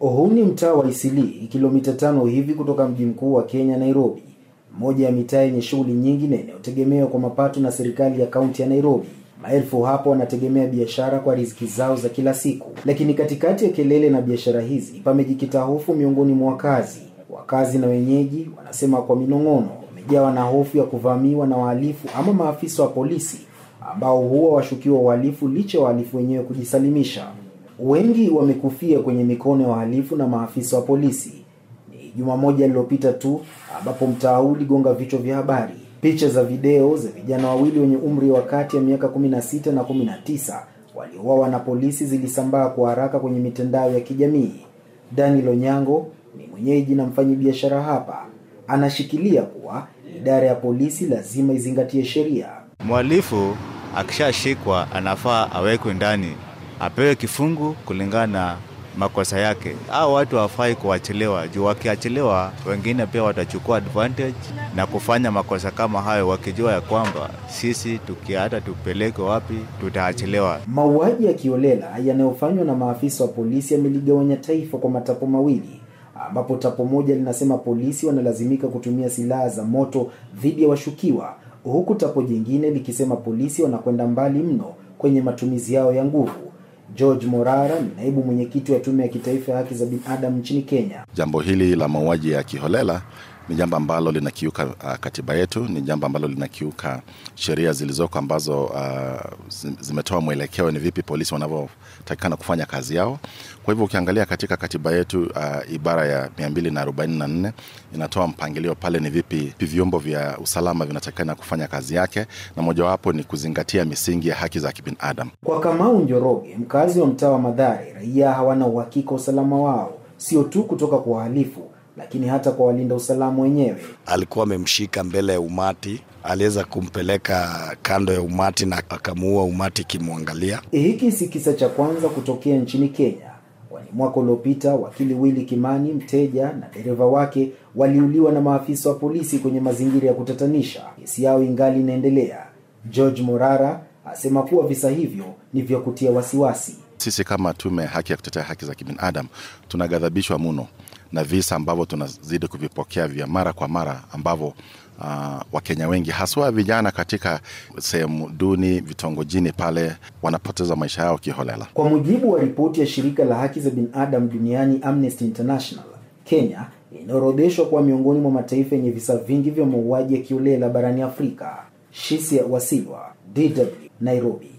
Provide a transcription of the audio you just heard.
Huu ni mtaa wa Isilii, kilomita tano hivi kutoka mji mkuu wa Kenya, Nairobi, moja ya mitaa yenye shughuli nyingi na inayotegemewa kwa mapato na serikali ya kaunti ya Nairobi. Maelfu hapo wanategemea biashara kwa riziki zao za kila siku, lakini katikati ya kelele na biashara hizi pamejikita hofu miongoni mwa wakazi. Wakazi na wenyeji wanasema kwa minong'ono, wamejawa na hofu ya kuvamiwa na wahalifu ama maafisa wa polisi ambao huwa washukiwa uhalifu licha ya wahalifu wenyewe kujisalimisha wengi wamekufia kwenye mikono ya wahalifu na maafisa wa polisi. Ni juma moja lililopita tu ambapo mtaa huu uligonga vichwa vya habari. Picha za video za vijana wawili wenye umri wa kati ya miaka 16 na 19 waliouawa na polisi zilisambaa kwa haraka kwenye mitandao ya kijamii. Daniel Onyango ni mwenyeji na mfanyabiashara hapa, anashikilia kuwa idara ya polisi lazima izingatie sheria. mwalifu akishashikwa anafaa awekwe ndani apewe kifungu kulingana na makosa yake. Hao watu hawafai kuachiliwa juu, wakiachiliwa wengine pia watachukua advantage na kufanya makosa kama hayo, wakijua ya kwamba sisi tukihata tupeleke tupelekwe wapi tutaachiliwa. Mauaji ya kiolela yanayofanywa na maafisa wa polisi yameligawanya taifa kwa matapo mawili, ambapo tapo moja linasema polisi wanalazimika kutumia silaha za moto dhidi ya washukiwa, huku tapo jingine likisema polisi wanakwenda mbali mno kwenye matumizi yao ya nguvu. George Morara ni naibu mwenyekiti wa Tume ya Kitaifa ya Haki za Binadamu nchini Kenya. Jambo hili la mauaji ya kiholela ni jambo ambalo linakiuka uh, katiba yetu, ni jambo ambalo linakiuka sheria zilizoko ambazo uh, zimetoa mwelekeo ni vipi polisi wanavyotakikana kufanya kazi yao. Kwa hivyo ukiangalia katika katiba yetu uh, ibara ya 244 inatoa mpangilio pale ni vipi vyombo vya usalama vinatakikana kufanya kazi yake, na mojawapo ni kuzingatia misingi ya haki za kibinadamu. Kwa Kamau Njoroge, mkazi wa mtaa wa Madhare, raia hawana uhakika usalama wao, sio tu kutoka kwa wahalifu lakini hata kwa walinda usalama wenyewe. Alikuwa amemshika mbele ya umati, aliweza kumpeleka kando ya umati na akamuua umati ikimwangalia. Eh, hiki si kisa cha kwanza kutokea nchini Kenya, kwani mwaka uliopita wakili Willy Kimani, mteja na dereva wake waliuliwa na maafisa wa polisi kwenye mazingira ya kutatanisha. Kesi yao ingali inaendelea. George Morara asema kuwa visa hivyo ni vya kutia wasiwasi. Sisi kama tume haki ya kutetea haki za kibinadamu tunaghadhabishwa mno na visa ambavyo tunazidi kuvipokea vya mara kwa mara ambavyo Uh, Wakenya wengi haswa vijana katika sehemu duni vitongojini pale wanapoteza maisha yao kiholela. Kwa mujibu wa ripoti ya shirika la haki za binadam duniani Amnesty International, Kenya inaorodheshwa kuwa miongoni mwa mataifa yenye visa vingi vya mauaji ya kiolela barani Afrika. Shisia Wasilwa, DW, Nairobi.